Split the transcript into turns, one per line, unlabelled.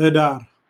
ህዳር